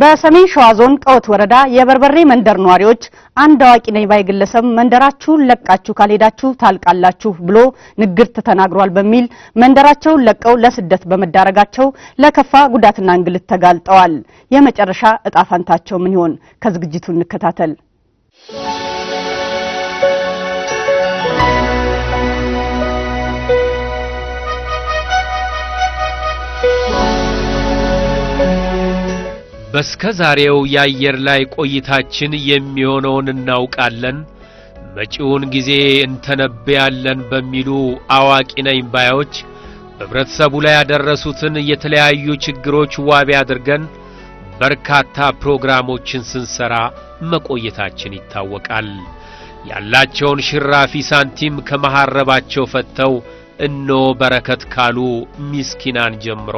በሰሜን ሸዋ ዞን ጣዖት ወረዳ የበርበሬ መንደር ነዋሪዎች አንድ አዋቂ ነኝ ባይ ግለሰብ መንደራችሁን ለቃችሁ ካልሄዳችሁ ታልቃላችሁ ብሎ ንግርት ተናግሯል በሚል መንደራቸውን ለቀው ለስደት በመዳረጋቸው ለከፋ ጉዳትና እንግልት ተጋልጠዋል። የመጨረሻ እጣ ፋንታቸው ምን ይሆን? ከዝግጅቱ እንከታተል። በስከ ዛሬው የአየር ላይ ቆይታችን የሚሆነውን እናውቃለን፣ መጪውን ጊዜ እንተነብያለን በሚሉ አዋቂ ነኝ ባዮች በህብረተሰቡ ላይ ያደረሱትን የተለያዩ ችግሮች ዋቢ አድርገን በርካታ ፕሮግራሞችን ስንሰራ መቆየታችን ይታወቃል። ያላቸውን ሽራፊ ሳንቲም ከመሐረባቸው ፈተው እኖ በረከት ካሉ ሚስኪናን ጀምሮ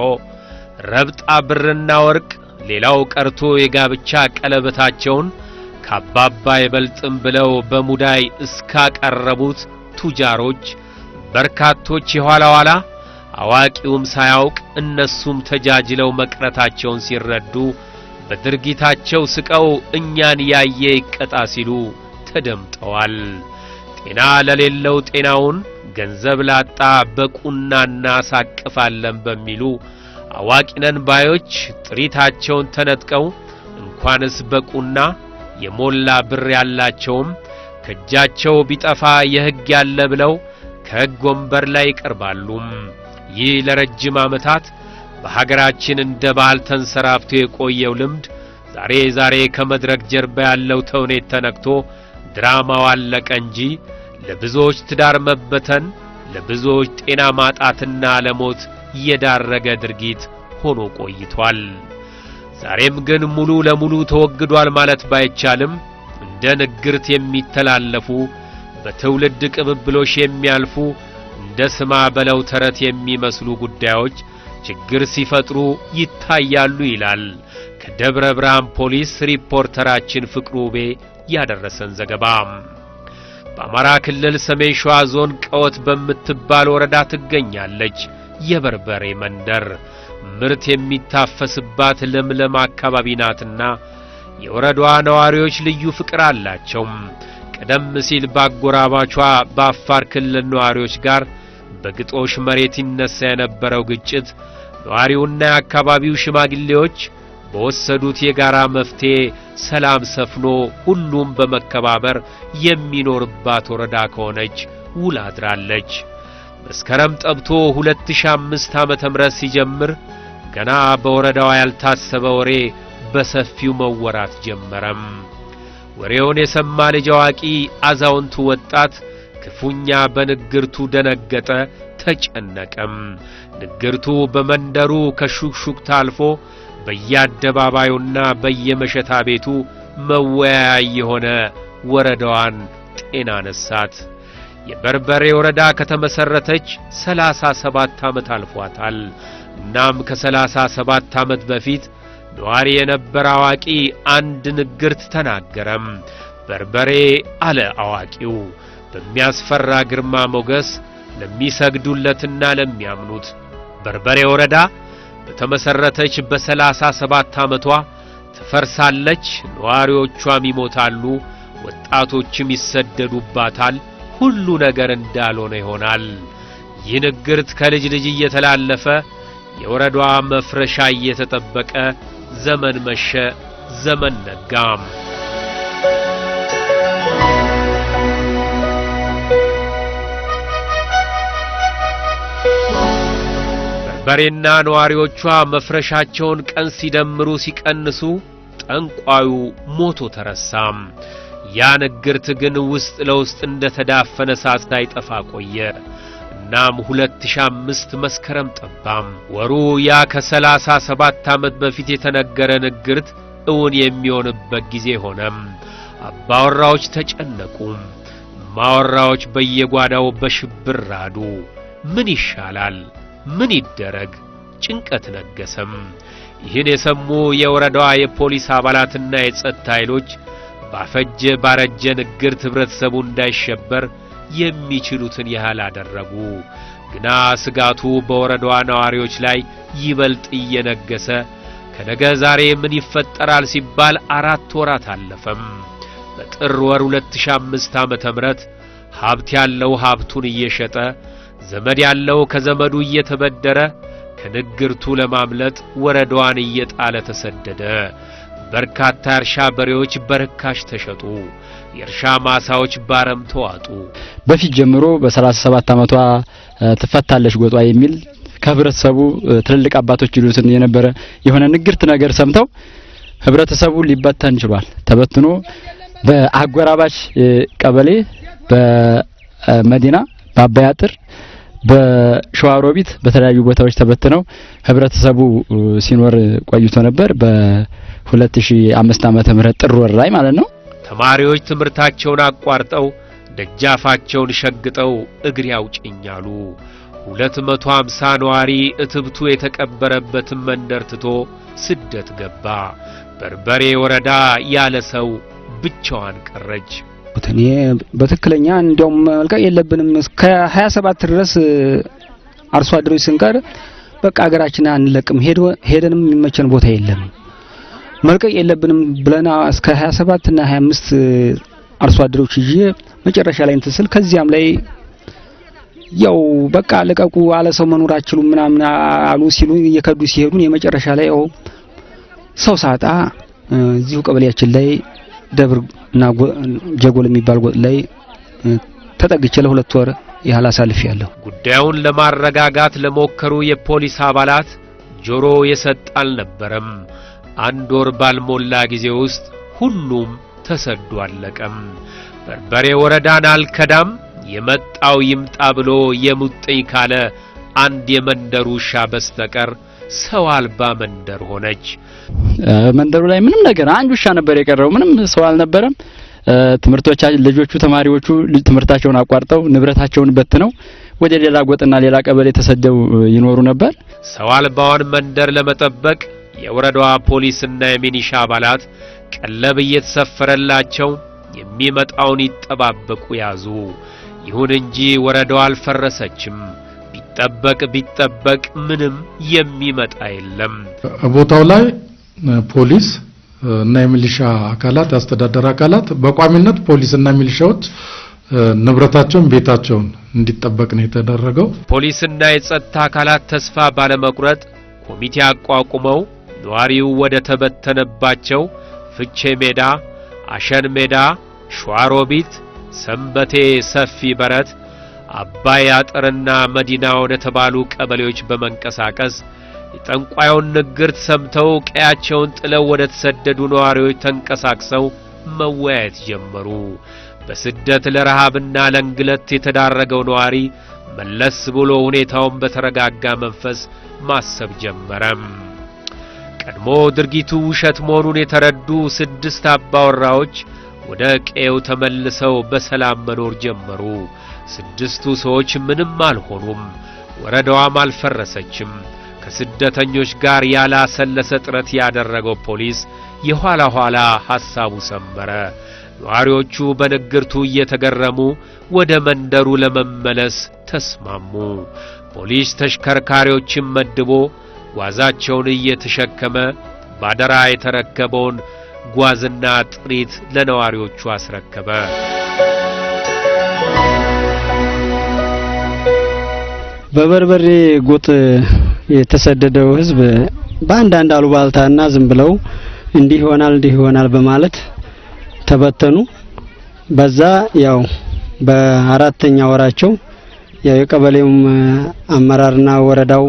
ረብጣ ብርና ወርቅ ሌላው ቀርቶ የጋብቻ ቀለበታቸውን ከአባባ አይበልጥም ብለው በሙዳይ እስካቀረቡት ቱጃሮች በርካቶች የኋላ ኋላ አዋቂውም ሳያውቅ እነሱም ተጃጅለው መቅረታቸውን ሲረዱ በድርጊታቸው ስቀው እኛን ያየ ይቀጣ ሲሉ ተደምጠዋል። ጤና ለሌለው ጤናውን ገንዘብ ላጣ በቁና እናሳቅፋለን በሚሉ አዋቂነን ባዮች ጥሪታቸውን ተነጥቀው እንኳንስ በቁና የሞላ ብር ያላቸውም ከእጃቸው ቢጠፋ የሕግ ያለ ብለው ከሕግ ወንበር ላይ ይቀርባሉም። ይህ ለረጅም ዓመታት በሀገራችን እንደ ባህል ተንሰራፍቶ የቆየው ልምድ ዛሬ ዛሬ ከመድረክ ጀርባ ያለው ተውኔት ተነክቶ ድራማው አለቀ እንጂ ለብዙዎች ትዳር መበተን፣ ለብዙዎች ጤና ማጣትና ለሞት የዳረገ ድርጊት ሆኖ ቆይቷል። ዛሬም ግን ሙሉ ለሙሉ ተወግዷል ማለት ባይቻልም እንደ ንግርት የሚተላለፉ በትውልድ ቅብብሎሽ የሚያልፉ እንደ ስማ በለው ተረት የሚመስሉ ጉዳዮች ችግር ሲፈጥሩ ይታያሉ ይላል ከደብረ ብርሃን ፖሊስ ሪፖርተራችን ፍቅሩ ውቤ ያደረሰን ዘገባ። በአማራ ክልል ሰሜን ሸዋ ዞን ቀወት በምትባል ወረዳ ትገኛለች። የበርበሬ መንደር ምርት የሚታፈስባት ለምለም አካባቢ ናትና የወረዳዋ ነዋሪዎች ልዩ ፍቅር አላቸው። ቀደም ሲል ባጎራባቿ በአፋር ክልል ነዋሪዎች ጋር በግጦሽ መሬት ይነሳ የነበረው ግጭት ነዋሪውና የአካባቢው ሽማግሌዎች በወሰዱት የጋራ መፍትሄ ሰላም ሰፍኖ ሁሉም በመከባበር የሚኖርባት ወረዳ ከሆነች ውላ አድራለች። መስከረም ጠብቶ 2005 ዓመተ ምህረት ሲጀምር ገና በወረዳዋ ያልታሰበ ወሬ በሰፊው መወራት ጀመረም። ወሬውን የሰማ ልጅ አዋቂ፣ አዛውንቱ ወጣት ክፉኛ በንግርቱ ደነገጠ፣ ተጨነቀም። ንግርቱ በመንደሩ ከሹክሹክታ አልፎ በየአደባባዩና በየመሸታ ቤቱ መወያያ የሆነ ወረዳዋን ጤና ነሳት። የበርበሬ ወረዳ ከተመሠረተች ሰላሳ ሰባት ዓመት አልፏታል። እናም ከሰላሳ ሰባት ዓመት በፊት ነዋሪ የነበረ አዋቂ አንድ ንግርት ተናገረም። በርበሬ አለ አዋቂው በሚያስፈራ ግርማ ሞገስ ለሚሰግዱለትና ለሚያምኑት በርበሬ ወረዳ በተመሠረተች በሰላሳ ሰባት ዓመቷ ትፈርሳለች፣ ነዋሪዎቿም ይሞታሉ፣ ወጣቶችም ይሰደዱባታል ሁሉ ነገር እንዳልሆነ ይሆናል። ይህ ንግርት ከልጅ ልጅ እየተላለፈ የወረዷ መፍረሻ እየተጠበቀ ዘመን መሸ፣ ዘመን ነጋም። በርበሬና ነዋሪዎቿ መፍረሻቸውን ቀን ሲደምሩ ሲቀንሱ ጠንቋዩ ሞቶ ተረሳም። ያ ንግርት ግን ውስጥ ለውስጥ እንደ ተዳፈነ እሳት ሳይጠፋ ቆየ። እናም 2005 መስከረም ጠባም ወሩ ያ ከሰላሳ ሰባት ዓመት በፊት የተነገረ ንግርት እውን የሚሆንበት ጊዜ ሆነም። አባወራዎች ተጨነቁ። ማወራዎች በየጓዳው በሽብር ራዱ። ምን ይሻላል? ምን ይደረግ? ጭንቀት ነገሰም። ይህን የሰሙ የወረዳዋ የፖሊስ አባላትና የጸጥታ ኃይሎች ባፈጀ ባረጀ ንግርት ህብረተሰቡ እንዳይሸበር የሚችሉትን ያህል አደረጉ። ግና ስጋቱ በወረዳዋ ነዋሪዎች ላይ ይበልጥ እየነገሰ ከነገ ዛሬ ምን ይፈጠራል ሲባል አራት ወራት አለፈም። በጥር ወር 2005 ዓመተ ምህረት ሀብት ያለው ሀብቱን እየሸጠ ዘመድ ያለው ከዘመዱ እየተበደረ ከንግርቱ ለማምለጥ ወረዳዋን እየጣለ ተሰደደ። በርካታ የእርሻ በሬዎች በርካሽ ተሸጡ። የእርሻ ማሳዎች ባረም ተዋጡ። በፊት ጀምሮ በ37 ዓመቷ ትፈታለች ጎጧ የሚል ከህብረተሰቡ ትልልቅ አባቶች ይሉትን የነበረ የሆነ ንግርት ነገር ሰምተው ህብረተሰቡ ሊበተን ችሏል። ተበትኖ በአጎራባች ቀበሌ በመዲና በአባይ አጥር በሸዋሮቢት በተለያዩ ቦታዎች ተበትነው ህብረተሰቡ ሲኖር ቆይቶ ነበር። በ2005 ዓመተ ምህረት ጥር ወር ላይ ማለት ነው። ተማሪዎች ትምህርታቸውን አቋርጠው ደጃፋቸውን ሸግጠው እግር ያውጭኝ አሉ። 250 ነዋሪ እትብቱ የተቀበረበትን መንደር ትቶ ስደት ገባ። በርበሬ ወረዳ ያለ ሰው ብቻዋን ቀረች። እኔ በትክክለኛ እንዲያውም መልቀቅ የለብንም እስከ 27 ድረስ አርሶ አደሮች ስንቀር በቃ ሀገራችን አንለቅም፣ ሄዶ ሄደንም የሚመቸን ቦታ የለም፣ መልቀቅ የለብንም ብለና እስከ 27 እና 25 አርሶ አደሮች ይዤ መጨረሻ ላይ እንትን ስል ከዚያም ላይ ያው በቃ ልቀቁ አለ ሰው መኖር አችሉም ምናምን አሉ ሲሉ እየከዱ ሲሄዱ የመጨረሻ ላይ ያው ሰው ሳጣ እዚሁ ቀበሌያችን ላይ ደብር እና ጀጎል የሚባል ጎጥ ላይ ተጠግቼ ለሁለት ወር ያህል አሳልፍ ያለሁ። ጉዳዩን ለማረጋጋት ለሞከሩ የፖሊስ አባላት ጆሮ የሰጥ አልነበረም። አንድ ወር ባልሞላ ጊዜ ውስጥ ሁሉም ተሰዶ አለቀም። በርበሬ ወረዳን አልከዳም የመጣው ይምጣ ብሎ የሙጥኝ ካለ አንድ የመንደሩ ውሻ በስተቀር ሰው አልባ መንደር ሆነች። መንደሩ ላይ ምንም ነገር አንድ ውሻ ነበር የቀረው። ምንም ሰው አልነበረም። ትምህርቶቻቸው ልጆቹ ተማሪዎቹ ትምህርታቸውን አቋርጠው ንብረታቸውን በትነው ወደ ሌላ ጎጥና ሌላ ቀበሌ ተሰደው ይኖሩ ነበር። ሰው አልባዋን መንደር ለመጠበቅ የወረዳዋ ፖሊስና የሚኒሻ አባላት ቀለብ እየተሰፈረላቸው የሚመጣውን ይጠባበቁ ያዙ። ይሁን እንጂ ወረዳዋ አልፈረሰችም። ቢጠበቅ ቢጠበቅ ምንም የሚመጣ የለም። ቦታው ላይ ፖሊስ እና የሚሊሻ አካላት የአስተዳደር አካላት በቋሚነት ፖሊስ እና ሚሊሻዎች ንብረታቸውን ቤታቸውን እንዲጠበቅ ነው የተደረገው። ፖሊስና የጸጥታ አካላት ተስፋ ባለመቁረጥ ኮሚቴ አቋቁመው ነዋሪው ወደ ተበተነባቸው ፍቼ ሜዳ፣ አሸን ሜዳ፣ ሸዋሮቢት፣ ሰንበቴ ሰፊ በረት አባይ አጥርና መዲናው የተባሉ ቀበሌዎች በመንቀሳቀስ የጠንቋዩን ንግርት ሰምተው ቀያቸውን ጥለው ወደ ተሰደዱ ነዋሪዎች ተንቀሳቅሰው መወያየት ጀመሩ። በስደት ለረሃብና ለእንግለት የተዳረገው ነዋሪ መለስ ብሎ ሁኔታውን በተረጋጋ መንፈስ ማሰብ ጀመረም። ቀድሞ ድርጊቱ ውሸት መሆኑን የተረዱ ስድስት አባወራዎች ወደ ቀየው ተመልሰው በሰላም መኖር ጀመሩ። ስድስቱ ሰዎች ምንም አልሆኑም። ወረዳዋም አልፈረሰችም። ከስደተኞች ጋር ያላሰለሰ ጥረት ያደረገው ፖሊስ የኋላ ኋላ ሐሳቡ ሰመረ። ነዋሪዎቹ በንግርቱ እየተገረሙ ወደ መንደሩ ለመመለስ ተስማሙ። ፖሊስ ተሽከርካሪዎችን መድቦ ጓዛቸውን እየተሸከመ ባደራ የተረከበውን ጓዝና ጥሪት ለነዋሪዎቹ አስረከበ። በበርበሬ ጎጥ የተሰደደው ህዝብ በአንዳንድ አሉባልታና ዝም ብለው እንዲህ ይሆናል እንዲህ ይሆናል በማለት ተበተኑ። በዛ ያው በአራተኛ ወራቸው ያው የቀበሌውም አመራርና ወረዳው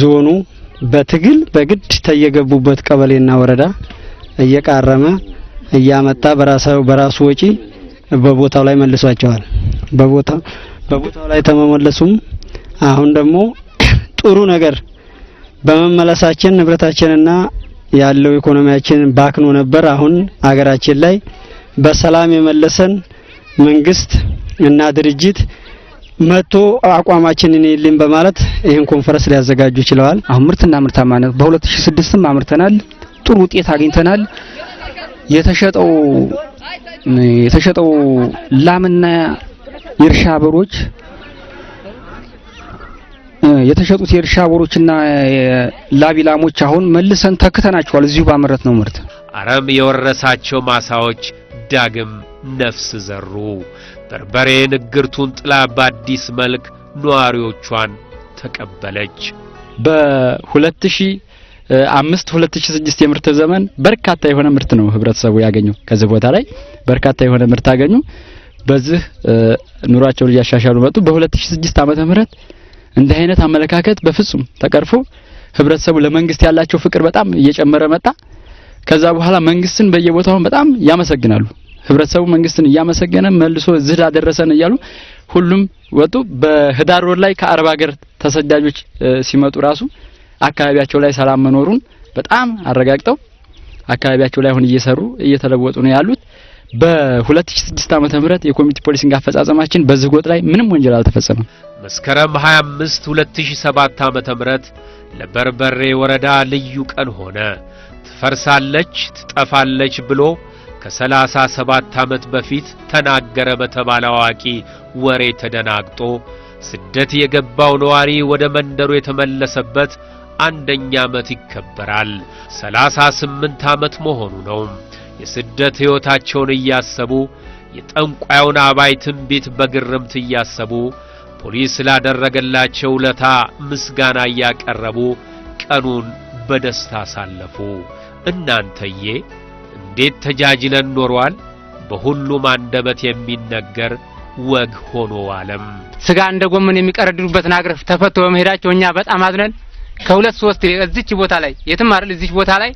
ዞኑ በትግል በግድ ተየገቡበት ቀበሌና ወረዳ እየቃረመ እያመጣ በራሳው በራሱ ወጪ በቦታው ላይ መልሷቸዋል። በቦታው በቦታው ላይ ተመመለሱም አሁን ደግሞ ጥሩ ነገር በመመለሳችን ንብረታችንና ያለው ኢኮኖሚያችን ባክኖ ነበር። አሁን አገራችን ላይ በሰላም የመለሰን መንግስት እና ድርጅት መጥቶ አቋማችንን ልን በማለት ይህን ኮንፈረንስ ሊያዘጋጁ ችለዋል። አሁን ምርትና ምርታማነት በ2006ም አምርተናል። ጥሩ ውጤት አግኝተናል። የተሸጠው የተሸጠው ላምና የእርሻ በሮች የተሸጡት የእርሻ ቦሮችና ላቢላሞች አሁን መልሰን ተክተናቸዋል እዚሁ ባመረት ነው ምርት። አረም የወረሳቸው ማሳዎች ዳግም ነፍስ ዘሩ። በርበሬ ንግርቱን ጥላ በአዲስ መልክ ነዋሪዎቿን ተቀበለች። በ2000 አምስት 2006 የምርት ዘመን በርካታ የሆነ ምርት ነው ህብረተሰቡ ያገኘው። ከዚህ ቦታ ላይ በርካታ የሆነ ምርት አገኙ። በዚህ ኑሯቸውን እያሻሻሉ መጡ። በ2006 ዓመተ ምህረት እንዲህ አይነት አመለካከት በፍጹም ተቀርፎ ህብረተሰቡ ለመንግስት ያላቸው ፍቅር በጣም እየጨመረ መጣ። ከዛ በኋላ መንግስትን በየቦታው በጣም ያመሰግናሉ። ህብረተሰቡ መንግስትን እያመሰገነ መልሶ ዝህ አደረሰን እያሉ ሁሉም ወጡ። በህዳር ወር ላይ ከአረብ ሀገር ተሰዳጆች ሲመጡ ራሱ አካባቢያቸው ላይ ሰላም መኖሩን በጣም አረጋግጠው አካባቢያቸው ላይ አሁን እየሰሩ እየተለወጡ ነው ያሉት። በ2006 ዓ.ም የኮሚኒቲ ፖሊሲንግ አፈጻጸማችን በዚህ ጎጥ ላይ ምንም ወንጀል አልተፈጸመም። መስከረም 25 2007 ዓመተ ምህረት ለበርበሬ ወረዳ ልዩ ቀን ሆነ። ትፈርሳለች፣ ትጠፋለች ብሎ ከሰላሳ ሰባት ዓመት በፊት ተናገረ በተባለ አዋቂ ወሬ ተደናግጦ ስደት የገባው ነዋሪ ወደ መንደሩ የተመለሰበት አንደኛ ዓመት ይከበራል። ሰላሳ ስምንት ዓመት መሆኑ ነው። የስደት ሕይወታቸውን እያሰቡ የጠንቋዩን አባይ ትንቢት በግርምት እያሰቡ ፖሊስ ስላደረገላቸው ውለታ ምስጋና እያቀረቡ ቀኑን በደስታ አሳለፉ። እናንተዬ እንዴት ተጃጅለን ኖሯል! በሁሉም አንደበት የሚነገር ወግ ሆኖ ዓለም ስጋ እንደ ጎመን የሚቀረድዱበትን አገር ተፈቶ በመሄዳቸው እኛ በጣም አዝነን ከሁለት ሶስት እዚች ቦታ ላይ የትም አይደል እዚች ቦታ ላይ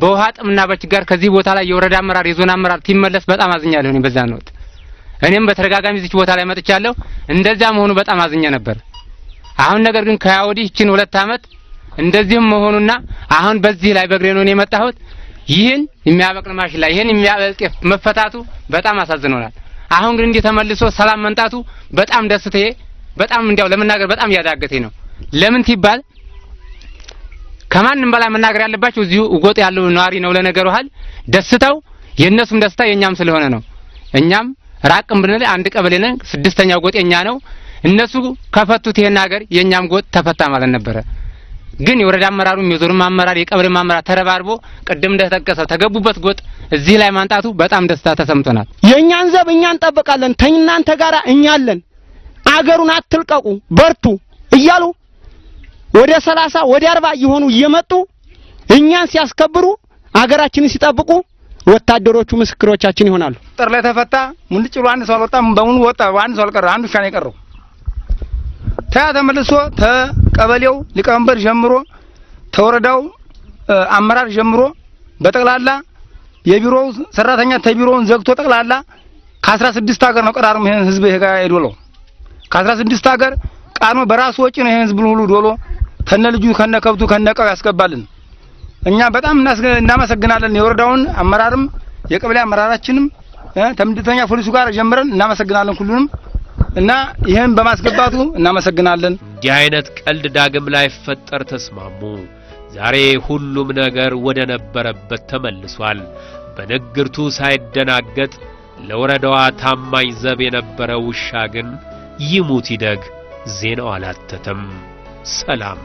በውሃ ጥምና በችጋር ከዚህ ቦታ ላይ የወረዳ አመራር የዞን አመራር ሲመለስ በጣም አዝኛለሁ እኔ በዛን ወቅት እኔም በተደጋጋሚ እዚች ቦታ ላይ መጥቻለሁ። እንደዛ መሆኑ በጣም አዝኜ ነበር። አሁን ነገር ግን ከያወዲህ እችን ሁለት አመት እንደዚህም መሆኑና አሁን በዚህ ላይ በእግሬ ነው የመጣሁት። ይህን የሚያበቅል ማሽላ ይህን የሚያበቅል ጤፍ መፈታቱ በጣም አሳዝኖናል። አሁን ግን እንዲህ ተመልሶ ሰላም መንጣቱ በጣም ደስቴ በጣም እንዲያው ለመናገር በጣም እያዳገተኝ ነው። ለምን ሲባል ከማንም በላይ መናገር ያለባቸው እዚሁ እጎጥ ያለው ነዋሪ ነው። ለነገሩ ሀል ደስታው የእነሱም ደስታ የእኛም ስለሆነ ነው እኛም ራቅም ብንል አንድ ቀበሌ ነን። ስድስተኛው ጎጥ የኛ ነው። እነሱ ከፈቱት ይሄን ሀገር የእኛም ጎጥ ተፈታ ማለት ነበረ። ግን የወረዳ አመራሩም የዞንም አመራር የቀበሌ አመራር ተረባርቦ ቅድም እንደተጠቀሰው ተገቡበት ጎጥ እዚህ ላይ ማንጣቱ በጣም ደስታ ተሰምቶናል። የእኛን ዘብ እኛ እንጠበቃለን። ተኝናንተ ጋራ እኛ አገሩን አትልቀቁ፣ በርቱ እያሉ ወደ ሰላሳ ወደ አርባ እየሆኑ እየመጡ እኛን ሲያስከብሩ አገራችንን ሲጠብቁ ወታደሮቹ ምስክሮቻችን ይሆናሉ። ጥር ላይ ተፈታ ሙልጭ ብሎ አንድ ሰው አልወጣም። በሙሉ ወጣ፣ አንድ ሰው አልቀረ፣ አንድ ውሻ ነው የቀረው። ታያ ተመልሶ ተቀበሌው ሊቀመንበር ጀምሮ ተወረዳው አመራር ጀምሮ በጠቅላላ የቢሮው ሰራተኛ ተቢሮውን ዘግቶ ጠቅላላ ከአስራ ስድስት ሀገር ነው ቀራርሞ ይሄን ህዝብ ይሄ ጋር የዶለው ከአስራ ስድስት ሀገር ቃርሞ በራሱ ወጪ ነው ይሄን ህዝብ ሁሉ ዶሎ ከነ ልጁ ከነ ከብቱ ከነ እቃው ያስገባልን። እኛ በጣም እናመሰግናለን። የወረዳውን አመራርም የቀበሌ አመራራችንም ተምድተኛ ፖሊሱ ጋር ጀምረን እናመሰግናለን ሁሉንም እና ይህን በማስገባቱ እናመሰግናለን። እንዲህ አይነት ቀልድ ዳግም ላይፈጠር ተስማሙ። ዛሬ ሁሉም ነገር ወደ ነበረበት ተመልሷል። በንግርቱ ሳይደናገጥ ለወረዳዋ ታማኝ ዘብ የነበረ ውሻ ግን ይሙት ይደግ ዜናው አላተተም። ሰላም